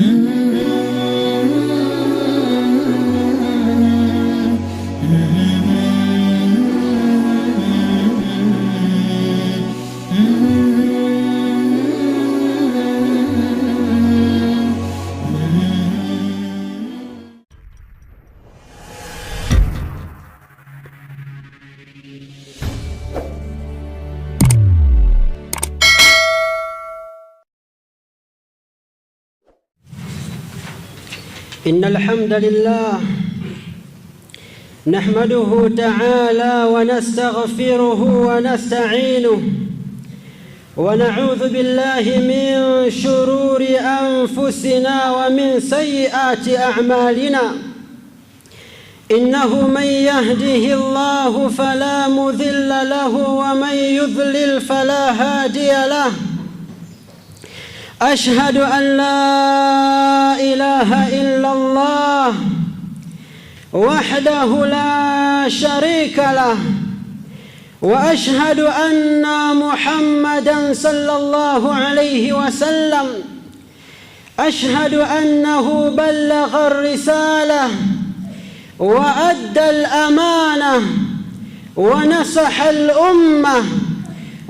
Mm-hmm. إن الحمد لله نحمده تعالى ونستغفره ونستعينه ونعوذ بالله من شرور أنفسنا ومن سيئات أعمالنا إنه من يهده الله فلا مذل له ومن يذلل فلا هادي له أشهد أن لا إله إلا الله وحده لا شريك له وأشهد أن محمدا صلى الله عليه وسلم أشهد أنه بلغ الرسالة وأدى الأمانة ونصح الأمة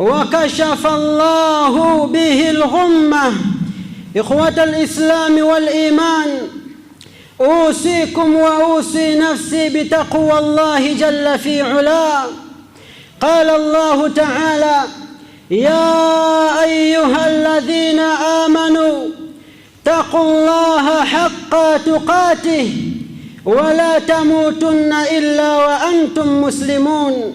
وكشف الله به الغمة إخوة الإسلام والإيمان أوصيكم وأوصي نفسي بتقوى الله جل في علاه قال الله تعالى يا أيها الذين آمنوا اتقوا الله حق تقاته ولا تموتن إلا وأنتم مسلمون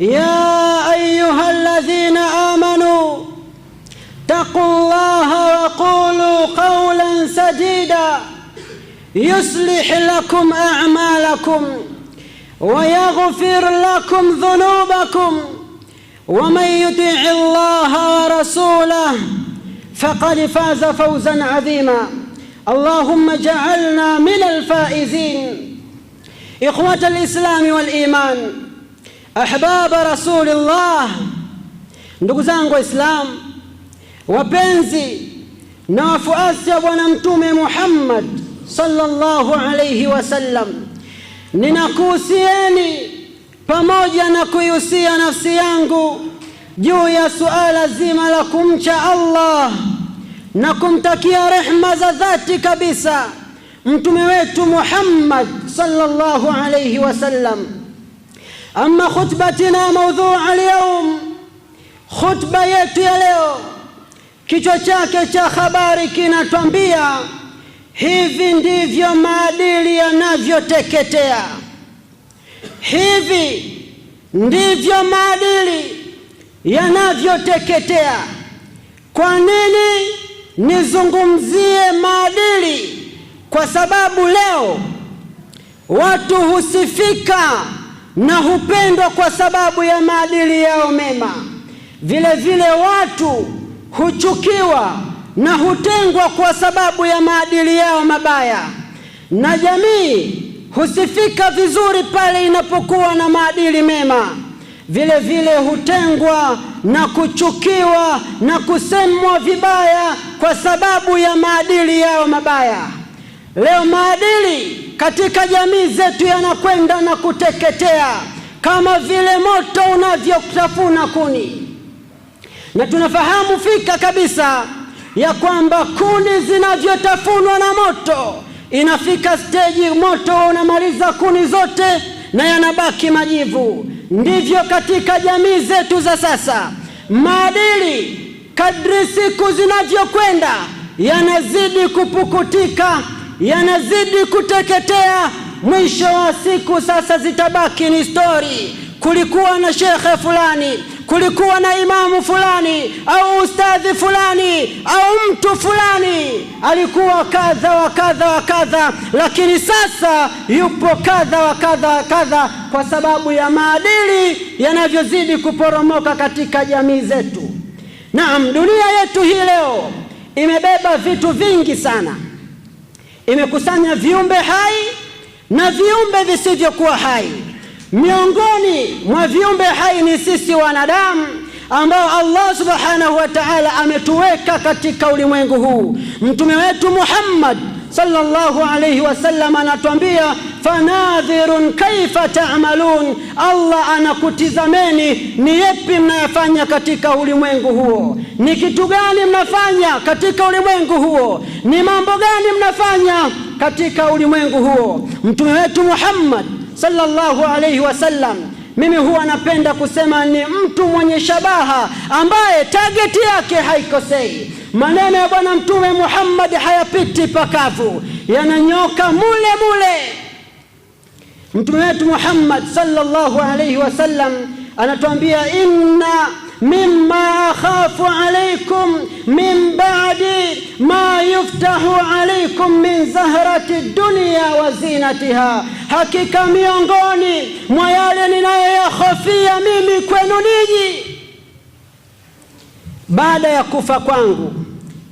يا أيها الذين آمنوا اتقوا الله وقولوا قولا سديدا يصلح لكم أعمالكم ويغفر لكم ذنوبكم ومن يطع الله ورسوله فقد فاز فوزا عظيما اللهم اجعلنا من الفائزين إخوة الإسلام والإيمان ahbaba rasulillah, ndugu zangu Waislamu wapenzi na wafuasi wa Bwana Mtume Muhammad sallallahu alayhi wasallam, ninakuhusieni pamoja na kuihusia nafsi yangu juu ya suala zima la kumcha Allah na kumtakia rehma za dhati kabisa mtume wetu Muhammad sallallahu alayhi wasallam ama khutbatina maudhuu alyaum, khutba yetu ya leo kichwa chake cha habari kinatwambia hivi ndivyo maadili yanavyoteketea. Hivi ndivyo maadili yanavyoteketea. Kwa nini nizungumzie maadili? Kwa sababu leo watu husifika na hupendwa kwa sababu ya maadili yao mema. Vile vile watu huchukiwa na hutengwa kwa sababu ya maadili yao mabaya, na jamii husifika vizuri pale inapokuwa na maadili mema. Vile vile hutengwa na kuchukiwa na kusemwa vibaya kwa sababu ya maadili yao mabaya. Leo maadili katika jamii zetu yanakwenda na kuteketea kama vile moto unavyotafuna kuni, na tunafahamu fika kabisa ya kwamba kuni zinavyotafunwa na moto inafika steji, moto unamaliza kuni zote na yanabaki majivu. Ndivyo katika jamii zetu za sasa, maadili kadri siku zinavyokwenda yanazidi kupukutika yanazidi kuteketea, mwisho wa siku sasa zitabaki ni stori Kulikuwa na shekhe fulani, kulikuwa na imamu fulani, au ustadhi fulani, au mtu fulani alikuwa kadha wa kadha wa kadha, lakini sasa yupo kadha wa kadha wa kadha, kwa sababu ya maadili yanavyozidi kuporomoka katika jamii zetu. Naam, dunia yetu hii leo imebeba vitu vingi sana imekusanya viumbe hai na viumbe visivyokuwa hai. Miongoni mwa viumbe hai ni sisi wanadamu ambao Allah subhanahu wa ta'ala ametuweka katika ulimwengu huu. Mtume wetu Muhammad sallallahu alayhi wasallam anatuambia fanadhirun kaifa ta'malun, Allah anakutizameni ni yepi mnayafanya katika ulimwengu huo, ni kitu gani mnafanya katika ulimwengu huo, ni mambo gani mnafanya katika ulimwengu huo. Mtume wetu Muhammad sallallahu alayhi wasallam mimi huwa napenda kusema ni mtu mwenye shabaha ambaye tageti yake haikosei. Maneno ya Bwana Mtume Muhammad hayapiti pakavu, yananyoka mule mule. Mtume wetu Muhammad sallallahu alayhi wasallam anatuambia inna mimma akhafu alaykum min ba'di ma yuftahu alaykum min zahrati dunya wa zinatiha, hakika miongoni mwa yale ninayoyahofia mimi kwenu ninyi baada ya kufa kwangu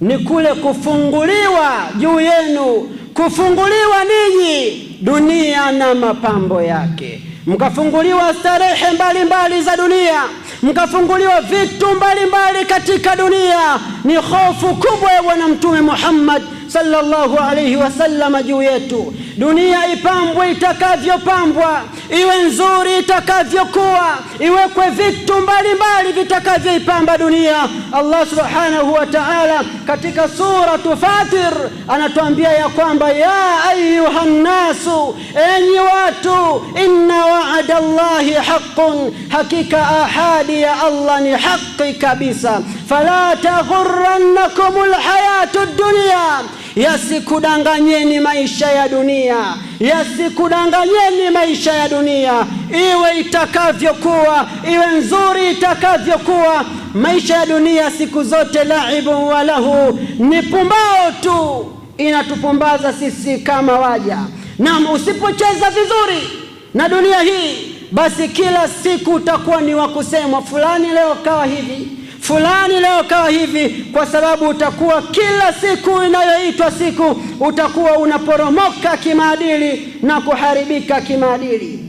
ni kule kufunguliwa juu yenu, kufunguliwa ninyi dunia na mapambo yake, mkafunguliwa starehe mbalimbali za dunia, mkafunguliwa vitu mbalimbali katika dunia. Ni hofu kubwa ya Bwana Mtume Muhammad sallallahu alaihi wasallam juu yetu. Dunia ipambwe itakavyopambwa, iwe nzuri itakavyokuwa, iwekwe vitu mbalimbali vitakavyoipamba dunia. Allah subhanahu wa ta'ala katika suratu Fatir anatuambia ya kwamba ya ayuha nnasu, enyi watu, inna waada llahi haqqun, hakika ahadi ya Allah ni haki kabisa. Fala taghurrannakum lhayatu dunia Yasikudanganyeni maisha ya dunia, yasikudanganyeni maisha ya dunia, iwe itakavyokuwa, iwe nzuri itakavyokuwa. Maisha ya dunia siku zote laibu wa lahu, ni pumbao tu, inatupumbaza sisi kama waja. Na usipocheza vizuri na dunia hii, basi kila siku utakuwa ni wa kusemwa, fulani leo kawa hivi fulani leo kawa hivi, kwa sababu utakuwa kila siku inayoitwa siku utakuwa unaporomoka kimaadili na kuharibika kimaadili.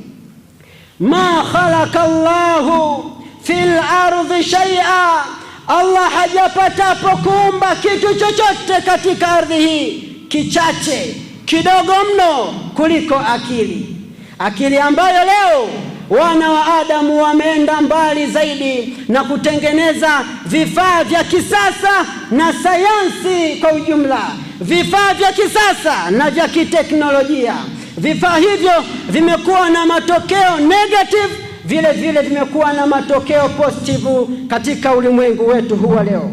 ma khalaka llahu fil lardhi shay'a, Allah hajapatapo kuumba kitu chochote katika ardhi hii kichache kidogo mno kuliko akili, akili ambayo leo wana wa Adamu wameenda mbali zaidi na kutengeneza vifaa vya kisasa na sayansi kwa ujumla, vifaa vya kisasa na vya kiteknolojia. Vifaa hivyo vimekuwa na matokeo negative, vile vile vimekuwa na matokeo positive katika ulimwengu wetu huwa leo.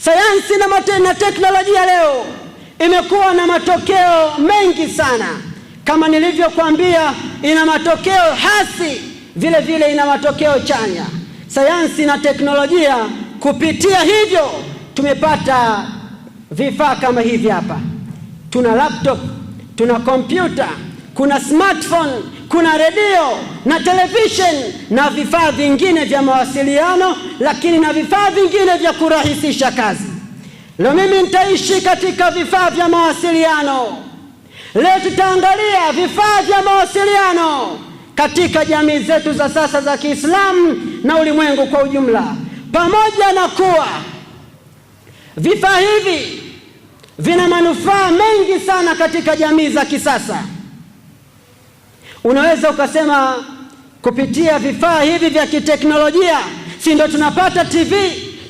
Sayansi na, na teknolojia leo imekuwa na matokeo mengi sana kama nilivyokuambia, ina matokeo hasi, vile vile ina matokeo chanya. Sayansi na teknolojia, kupitia hivyo tumepata vifaa kama hivi hapa. Tuna laptop, tuna kompyuta, kuna smartphone, kuna redio na television na vifaa vingine vya mawasiliano, lakini na vifaa vingine vya kurahisisha kazi. Leo mimi nitaishi katika vifaa vya mawasiliano. Leo tutaangalia vifaa vya mawasiliano katika jamii zetu za sasa za Kiislamu na ulimwengu kwa ujumla. Pamoja na kuwa vifaa hivi vina manufaa mengi sana katika jamii za kisasa, unaweza ukasema kupitia vifaa hivi vya kiteknolojia, si ndio tunapata TV,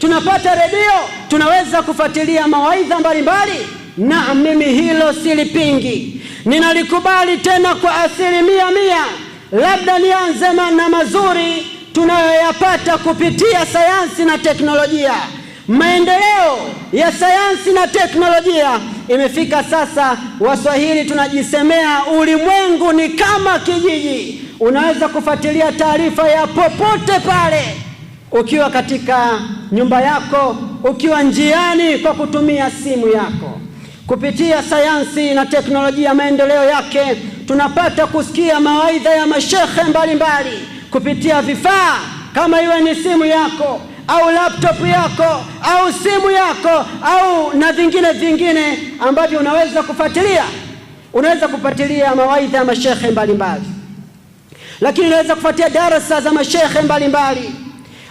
tunapata redio, tunaweza kufuatilia mawaidha mbalimbali na mimi hilo silipingi, ninalikubali tena kwa asilimia mia. Labda nianze na mazuri tunayoyapata kupitia sayansi na teknolojia. Maendeleo ya sayansi na teknolojia imefika sasa, Waswahili tunajisemea ulimwengu ni kama kijiji. Unaweza kufuatilia taarifa ya popote pale, ukiwa katika nyumba yako, ukiwa njiani, kwa kutumia simu yako. Kupitia sayansi na teknolojia, maendeleo yake, tunapata kusikia mawaidha ya mashekhe mbalimbali kupitia vifaa kama iwe ni simu yako au laptop yako au simu yako au na vingine vingine ambavyo unaweza kufuatilia, unaweza kufuatilia mawaidha ya mashekhe mbalimbali, lakini unaweza kufuatia darasa za mashekhe mbalimbali,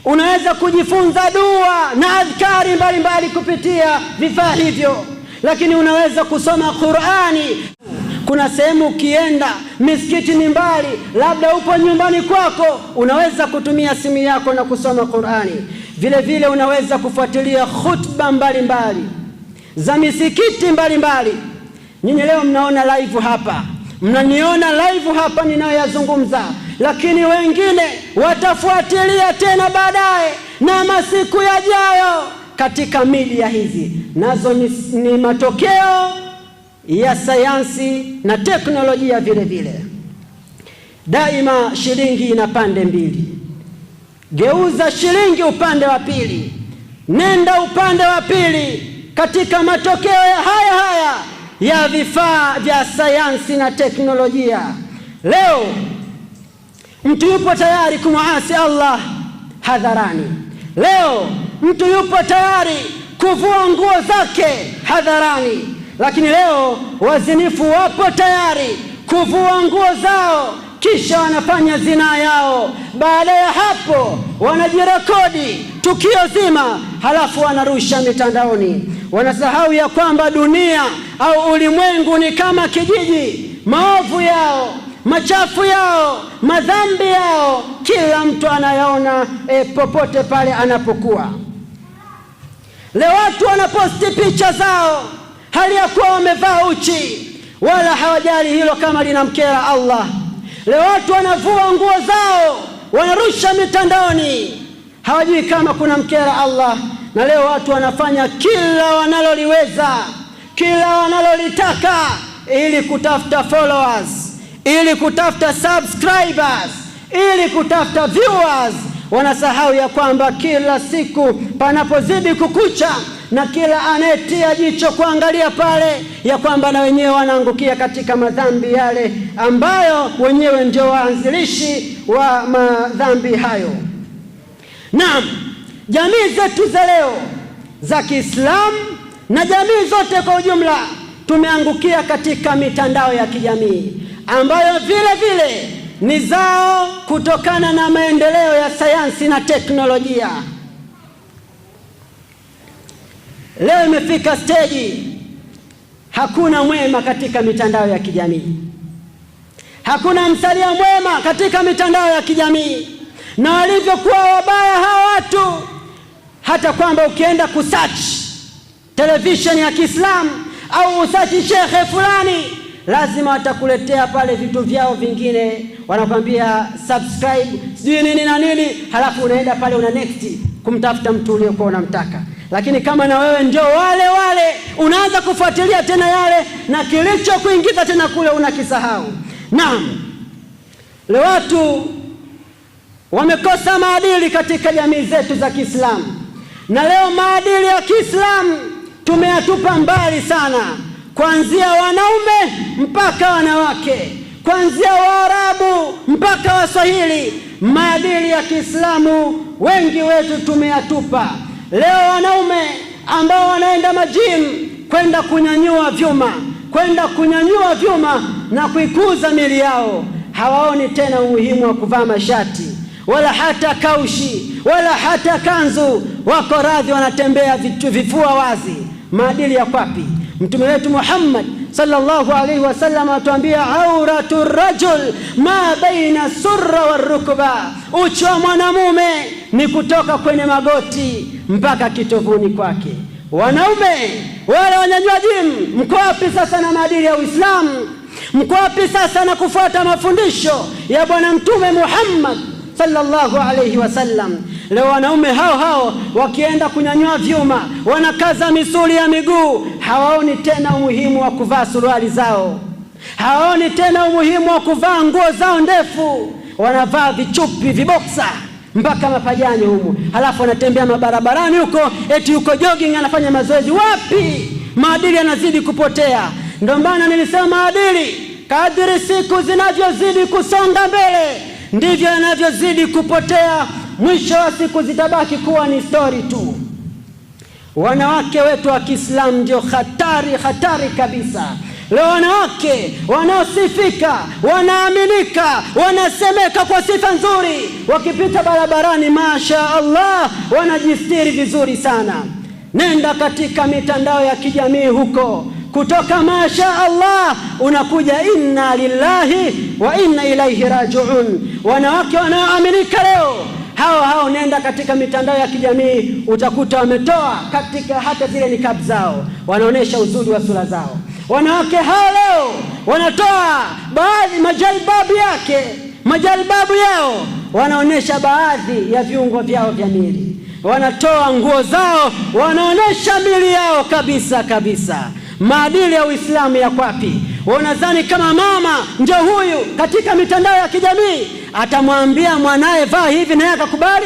unaweza kujifunza dua na adhkari mbalimbali kupitia vifaa hivyo lakini unaweza kusoma Qur'ani. Kuna sehemu ukienda, misikiti ni mbali, labda upo nyumbani kwako, unaweza kutumia simu yako na kusoma Qur'ani. Vile vile unaweza kufuatilia khutba mbalimbali za misikiti mbalimbali. Nyinyi leo mnaona live hapa, mnaniona live hapa ninayoyazungumza, lakini wengine watafuatilia tena baadaye na masiku yajayo katika milia hizi, nazo ni, ni matokeo ya sayansi na teknolojia vile vile. Daima shilingi ina pande mbili. Geuza shilingi upande wa pili, nenda upande wa pili katika matokeo ya haya haya ya vifaa vya sayansi na teknolojia. Leo mtu yupo tayari kumwasi Allah hadharani. Leo mtu yupo tayari kuvua nguo zake hadharani, lakini leo wazinifu wapo tayari kuvua nguo zao kisha wanafanya zinaa yao. Baada ya hapo, wanajirekodi tukio zima, halafu wanarusha mitandaoni. Wanasahau ya kwamba dunia au ulimwengu ni kama kijiji. Maovu yao, machafu yao, madhambi yao, kila mtu anayaona eh, popote pale anapokuwa. Leo watu wanaposti picha zao hali ya kuwa wamevaa uchi, wala hawajali hilo kama linamkera Allah. Leo watu wanavua nguo zao wanarusha mitandaoni, hawajui kama kuna mkera Allah. Na leo watu wanafanya kila wanaloliweza, kila wanalolitaka ili kutafuta followers, ili kutafuta subscribers, ili kutafuta viewers Wanasahau ya kwamba kila siku panapozidi kukucha na kila anayetia jicho kuangalia pale, ya kwamba na wenyewe wanaangukia katika madhambi yale ambayo wenyewe ndio waanzilishi wa madhambi hayo. Naam, jamii zetu za leo za Kiislamu na jamii zote kwa ujumla tumeangukia katika mitandao ya kijamii ambayo vile vile ni zao kutokana na maendeleo ya sayansi na teknolojia. Leo imefika steji, hakuna mwema katika mitandao ya kijamii, hakuna msalia mwema katika mitandao ya kijamii, na walivyokuwa wabaya hawa watu, hata kwamba ukienda kusearch televisheni ya Kiislamu au usearch shekhe fulani, lazima watakuletea pale vitu vyao vingine wanakwambia subscribe sijui nini na nini, halafu unaenda pale una next kumtafuta mtu uliokuwa unamtaka. Lakini kama na wewe ndio wale wale, unaanza kufuatilia tena yale na kilichokuingiza tena kule unakisahau. Naam, le watu wamekosa maadili katika jamii zetu za Kiislamu, na leo maadili ya Kiislamu tumeyatupa mbali sana, kuanzia wanaume mpaka wanawake kuanzia Waarabu mpaka Waswahili, maadili ya Kiislamu wengi wetu tumeyatupa. Leo wanaume ambao wanaenda majimu kwenda kunyanyua vyuma kwenda kunyanyua vyuma na kuikuza mili yao, hawaoni tena umuhimu wa kuvaa mashati wala hata kaushi wala hata kanzu. Wako radhi wanatembea vifua wazi. Maadili ya kwapi? Mtume wetu Muhammad sallallahu alaihi wasallam atuambia auratu rajul ma baina surra wa rukba, uchi wa mwanamume ni kutoka kwenye magoti mpaka kitovuni kwake. Wanaume wale wanyanywa jimu, mko wapi sasa na maadili ya Uislamu? Mko wapi sasa na kufuata mafundisho ya Bwana Mtume Muhammad sallallahu alaihi wasallam? Leo wanaume hao hao wakienda kunyanyua vyuma, wanakaza misuli ya miguu, hawaoni tena umuhimu wa kuvaa suruali zao, hawaoni tena umuhimu wa kuvaa nguo zao ndefu, wanavaa vichupi, viboksa mpaka mapajani humu, halafu anatembea mabarabarani huko, eti huko jogging, anafanya mazoezi. Wapi? Maadili yanazidi kupotea. Ndio maana nilisema maadili, kadri siku zinavyozidi kusonga mbele, ndivyo yanavyozidi kupotea mwisho wa siku zitabaki kuwa ni stori tu. Wanawake wetu wa Kiislamu ndio hatari, hatari kabisa. Leo wanawake wanaosifika, wanaaminika, wanasemeka kwa sifa nzuri, wakipita barabarani, masha Allah, wanajistiri vizuri sana. Nenda katika mitandao ya kijamii huko kutoka masha Allah unakuja inna lillahi wa inna ilaihi rajiun. Wanawake wanaoaminika leo hao hao, nenda katika mitandao ya kijamii utakuta wametoa katika hata zile nikabu zao, wanaonyesha uzuri wa sura zao. Wanawake hao leo wanatoa baadhi majalbabu yake majalbabu yao, wanaonyesha baadhi ya viungo vyao vya mili, wanatoa nguo zao, wanaonyesha mili yao kabisa kabisa. Maadili ya Uislamu ya kwapi? Wewe unadhani kama mama ndio huyu katika mitandao ya kijamii atamwambia mwanaye vaa hivi naye akakubali?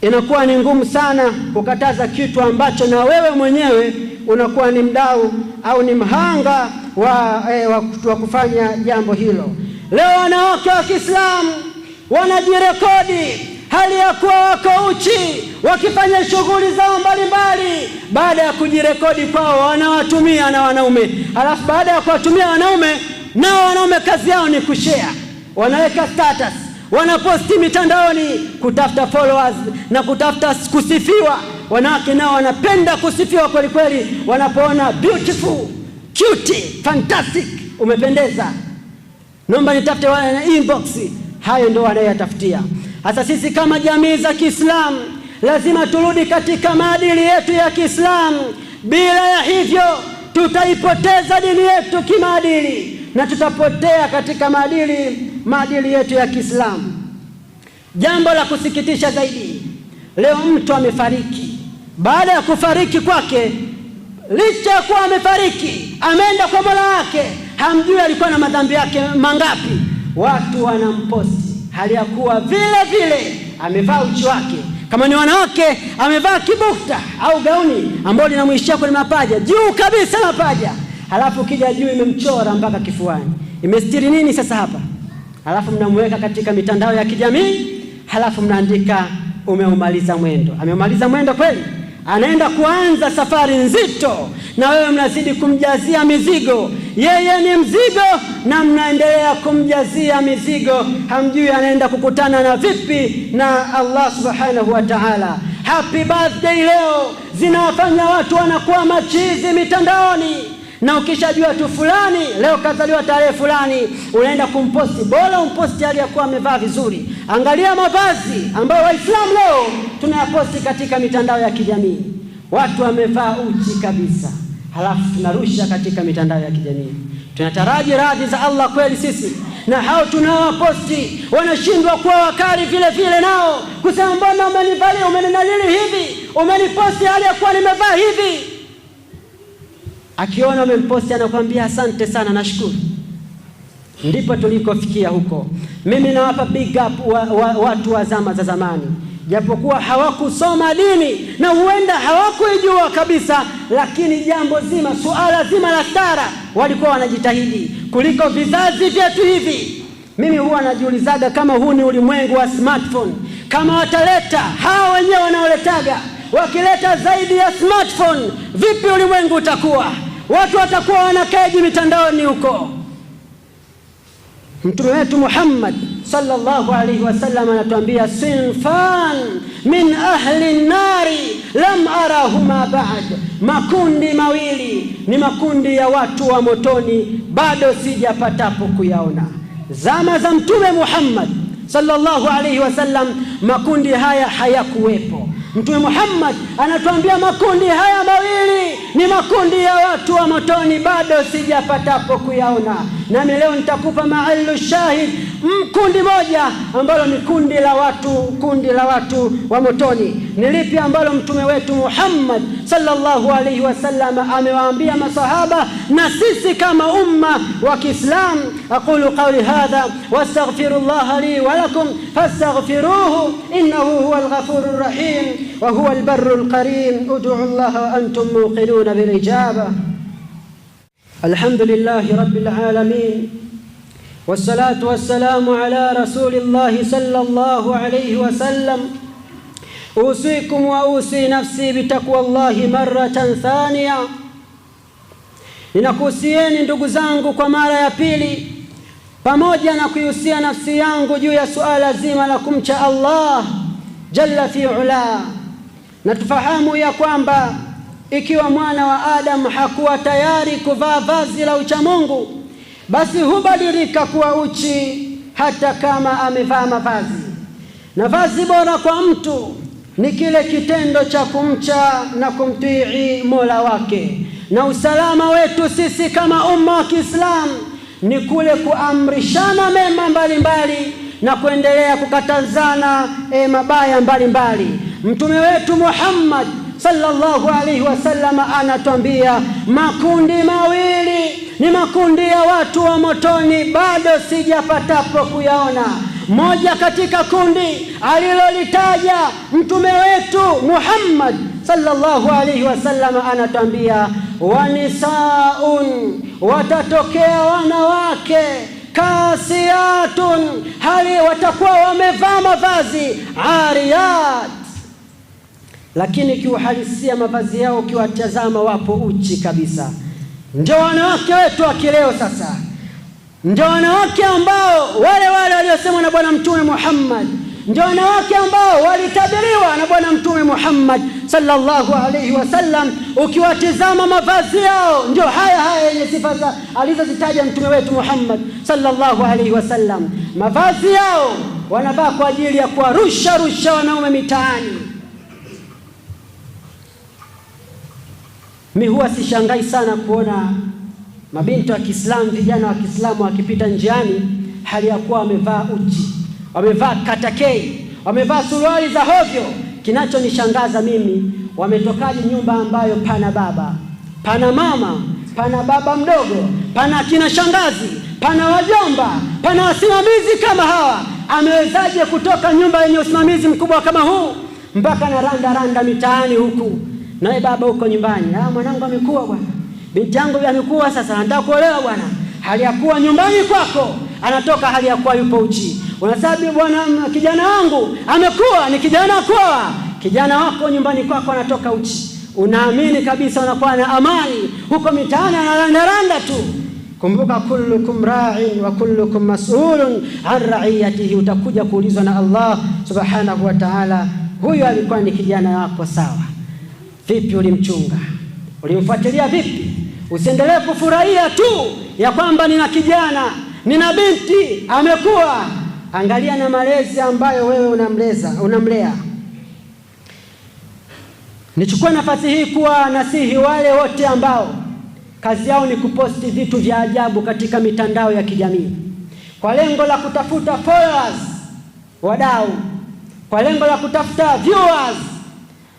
Inakuwa ni ngumu sana kukataza kitu ambacho na wewe mwenyewe unakuwa ni mdau au ni mhanga wa, eh, wa kufanya jambo hilo. Leo wanawake wa Kiislamu wanajirekodi hali ya kuwa wako uchi wakifanya shughuli zao mbalimbali. Baada ya kujirekodi kwao, wanawatumia na wanaume, alafu baada ya kuwatumia wanaume, nao wanaume kazi yao ni kushare, wanaweka status, wanaposti mitandaoni kutafuta followers na kutafuta kusifiwa. Wanawake nao wanapenda kusifiwa kweli kweli, wanapoona beautiful, cute, fantastic, umependeza, naomba nitafute na inbox. Hayo ndio wanayatafutia hasa sisi kama jamii za Kiislamu lazima turudi katika maadili yetu ya Kiislamu, bila ya hivyo tutaipoteza dini yetu kimaadili na tutapotea katika maadili maadili yetu ya Kiislamu. Jambo la kusikitisha zaidi, leo mtu amefariki. Baada ya kufariki kwake, licha ya kuwa amefariki, ameenda kwa Mola wake, hamjui alikuwa na madhambi yake mangapi, watu wanamposi hali ya kuwa vile vile amevaa uchi wake. Kama ni wanawake, amevaa kibukta au gauni ambalo linamwishia kwenye mapaja juu kabisa mapaja, halafu kija juu imemchora mpaka kifuani. Imestiri nini sasa hapa? Halafu mnamweka katika mitandao ya kijamii, halafu mnaandika umeumaliza mwendo. Ameumaliza mwendo kweli? anaenda kuanza safari nzito, na wewe mnazidi kumjazia mizigo. Yeye ni mzigo, na mnaendelea kumjazia mizigo, hamjui anaenda kukutana na vipi na Allah subhanahu wa ta'ala. Happy birthday leo zinawafanya watu wanakuwa machizi mitandaoni na ukishajua tu fulani leo kazaliwa tarehe fulani, unaenda kumposti. Bora umposti aliyakuwa amevaa vizuri, Angalia mavazi ambayo Waislamu leo tumeyaposti katika mitandao ya kijamii, watu wamevaa uchi kabisa, halafu tunarusha katika mitandao ya kijamii. Tunataraji radhi za Allah kweli sisi? Na hao tunawaposti wanashindwa kuwa wakali vile vile, nao kusema mbona umenibali, umeninalili hivi, umeniposti hali ya kuwa nimevaa hivi. Akiona umemposti anakuambia asante sana, nashukuru ndipo tulikofikia huko. Mimi nawapa big up wa, wa, watu wa zama za zamani, japokuwa hawakusoma dini na huenda hawakuijua kabisa, lakini jambo zima, suala zima la stara walikuwa wanajitahidi kuliko vizazi vyetu hivi. Mimi huwa najiulizaga kama huu ni ulimwengu wa smartphone, kama wataleta hawa wenyewe wanaoletaga, wakileta zaidi ya smartphone, vipi ulimwengu utakuwa? Watu watakuwa wanakaji mitandaoni huko Mtume wetu Muhammad sallallahu alaihi wasallam anatuambia sinfan min ahli nari lam arahuma ba'd, makundi mawili ni makundi ya watu wa motoni bado sijapatapo kuyaona. Zama za Mtume Muhammad sallallahu alaihi wasallam makundi haya hayakuwepo. Mtume Muhammad anatuambia makundi haya mawili ni makundi ya watu wa motoni bado sijapatapo kuyaona. Nami leo nitakupa mahallu shahid, mkundi moja ambalo ni kundi la watu, kundi la watu wa motoni. Ni lipi ambalo mtume wetu Muhammad sallallahu alaihi wasallam amewaambia masahaba na sisi kama umma wa Kiislam? Aqulu qawli hadha wastaghfirullah li wa lakum fastaghfiruhu innahu huwal ghafurur rahim wa huwal barrul karim. Ud'u llaha wa antum muqinuna bil ijaba الحمد لله رب العالمين والصلاة والسلام على رسول الله صلى الله عليه وسلم أوصيكم وأوصي نفسي بتقوى الله مرة ثانية ninakuhusieni ndugu zangu kwa mara ya pili pamoja na kuihusia nafsi yangu juu ya suala zima la kumcha Allah jalla fi ula na tufahamu ya kwamba ikiwa mwana wa Adamu hakuwa tayari kuvaa vazi la uchamungu, basi hubadilika kuwa uchi hata kama amevaa mavazi. Na vazi bora kwa mtu ni kile kitendo cha kumcha na kumtii Mola wake. Na usalama wetu sisi kama umma wa Kiislamu ni kule kuamrishana mema mbalimbali mbali, na kuendelea kukatazana e, mabaya mbalimbali Mtume wetu Muhammad sallallahu alaihi wasallam anatwambia makundi mawili ni makundi ya watu wa motoni, bado sijapatapo kuyaona. Moja katika kundi alilolitaja mtume wetu Muhammad sallallahu alaihi wasallama anatwambia, wanisaun, watatokea wanawake kasiatun, hali watakuwa wamevaa mavazi ariyat lakini kiuhalisia mavazi yao ukiwatazama wapo uchi kabisa. Ndio wanawake wetu wa kileo sasa, ndio wanawake ambao wale wale waliosemwa na Bwana Mtume Muhammad, ndio wanawake ambao walitabiriwa na Bwana Mtume Muhammad sallallahu alayhi wasallam. Ukiwatizama mavazi yao ndio haya haya yenye sifa za alizozitaja mtume wetu Muhammad sallallahu alayhi wasallam. Mavazi yao wanavaa kwa ajili ya kuwarusha rusha wanaume mitaani Mi huwa sishangai sana kuona mabinti wa Kiislamu, vijana wa Kiislamu wakipita njiani hali ya kuwa wamevaa uchi, wamevaa katakei, wamevaa suruali za hovyo. Kinachonishangaza mimi, wametokaje nyumba ambayo pana baba, pana mama, pana baba mdogo, pana kina shangazi, pana wajomba, pana wasimamizi kama hawa? Amewezaje kutoka nyumba yenye usimamizi mkubwa kama huu mpaka na randa randa mitaani huku? nawe baba huko nyumbani, ah, mwanangu amekuwa bwana, binti yangu amekuwa sasa, anataka kuolewa bwana, hali ya kuwa nyumbani kwako anatoka hali ya kuwa yupo uchi, unasabi bwana, kijana wangu amekuwa ni kijana kwa kijana wako nyumbani kwako anatoka uchi, unaamini kabisa unakuwa na amani huko mitaani analandaranda tu. Kumbuka, kullukum ra'in wa kullukum mas'ulun an ra'iyatihi, utakuja kuulizwa na Allah subhanahu wa ta'ala, huyu alikuwa ni kijana wako sawa Vipi ulimchunga? Ulimfuatilia vipi? Usiendelee kufurahia tu ya kwamba nina kijana, nina binti amekuwa. Angalia na malezi ambayo wewe unamleza, unamlea. Nichukue nafasi hii kuwa nasihi wale wote ambao kazi yao ni kuposti vitu vya ajabu katika mitandao ya kijamii kwa lengo la kutafuta followers, wadau, kwa lengo la kutafuta viewers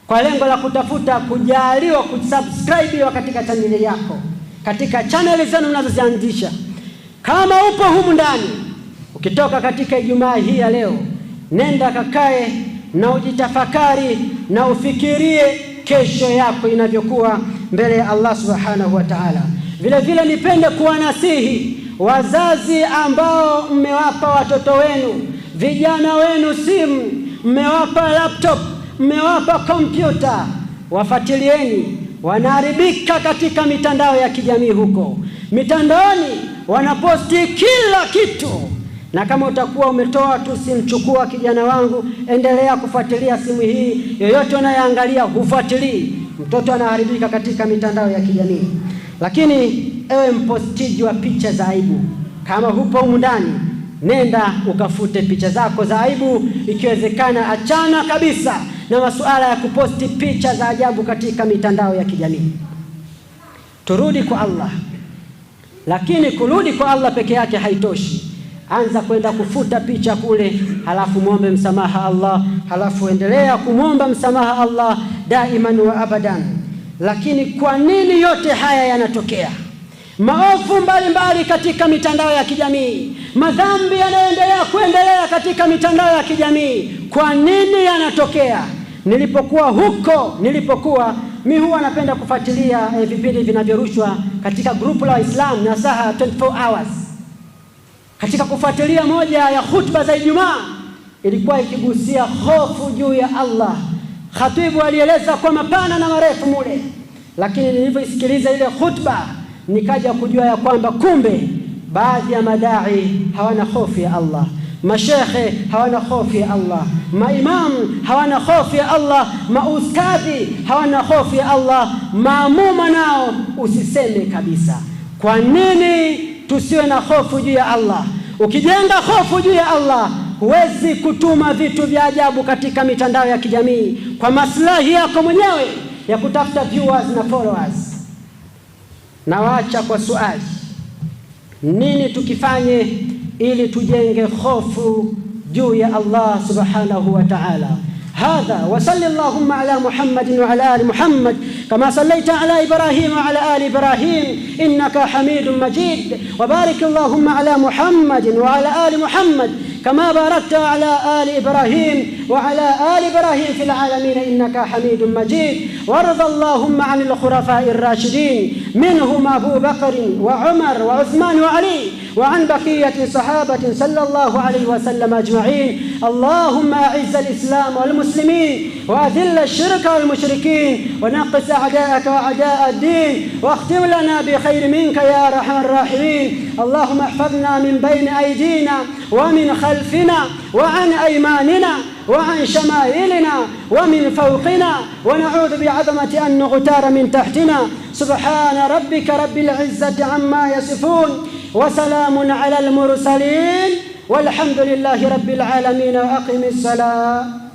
kwa lengo la kutafuta kujaliwa kusubscribe katika chaneli yako, katika chaneli zenu mnazoziandisha. Kama upo humu ndani, ukitoka katika Ijumaa hii ya leo, nenda kakae na ujitafakari na ufikirie kesho yako inavyokuwa mbele ya Allah subhanahu wa ta'ala. Vile vile nipende kuwanasihi wazazi ambao mmewapa watoto wenu vijana wenu simu, mmewapa laptop mmewapa kompyuta, wafatilieni, wanaharibika katika mitandao ya kijamii huko. Mitandaoni wanaposti kila kitu, na kama utakuwa umetoa tu simchukua kijana wangu, endelea kufuatilia simu hii, yoyote unayoangalia hufuatilii. Mtoto anaharibika katika mitandao ya kijamii. Lakini ewe mpostiji wa picha za aibu, kama hupo humu ndani, nenda ukafute picha zako za aibu, ikiwezekana achana kabisa na masuala ya kuposti picha za ajabu katika mitandao ya kijamii. Turudi kwa Allah, lakini kurudi kwa Allah peke yake haitoshi. Anza kwenda kufuta picha kule, halafu muombe msamaha Allah, halafu endelea kumwomba msamaha Allah daiman wa abadan. Lakini kwa nini yote haya yanatokea? Maovu mbalimbali katika mitandao ya kijamii, madhambi yanayoendelea kuendelea katika mitandao ya kijamii, kwa nini yanatokea? Nilipokuwa huko nilipokuwa, mi huwa napenda kufuatilia eh, vipindi vinavyorushwa katika grupu la Waislamu nasaha 24 hours. Katika kufuatilia moja ya hutuba za Ijumaa ilikuwa ikigusia hofu juu ya Allah. Khatibu alieleza kwa mapana na marefu mule, lakini nilivyoisikiliza ile hutuba nikaja kujua ya kwamba kumbe baadhi ya madai hawana hofu ya Allah mashehe hawana hofu ya Allah, maimamu hawana hofu ya Allah, maustadhi hawana hofu ya Allah, maamuma nao usiseme kabisa. Kwa nini tusiwe na hofu juu ya Allah? Ukijenga hofu juu ya Allah huwezi kutuma vitu vya ajabu katika mitandao ya kijamii kwa maslahi yako mwenyewe ya kutafuta viewers na followers. Nawaacha kwa swali, nini tukifanye ili tujenge hofu juu ya Allah subhanahu wa ta'ala هذا وصل اللهم على محمد وعلى ال محمد كما صليت على ابراهيم وعلى ال ابراهيم انك حميد مجيد وبارك اللهم على محمد وعلى ال محمد كما باركت على آل إبراهيم وعلى آل إبراهيم في العالمين إنك حميد مجيد وارض اللهم عن الخلفاء الراشدين منهم أبو بكر وعمر وعثمان وعلي وعن بقية صحابة صلى الله عليه وسلم أجمعين اللهم أعز الإسلام والمسلمين وأذل الشرك والمشركين ونقص أعداءك وأعداء الدين واختم لنا بخير منك يا أرحم الراحمين اللهم احفظنا من بين أيدينا ومن خلفنا خلفنا وعن أيماننا وعن شمائلنا ومن فوقنا ونعوذ بعظمة أن نغتار من تحتنا سبحان ربك رب العزة عما يصفون وسلام على المرسلين والحمد لله رب العالمين وأقم الصلاة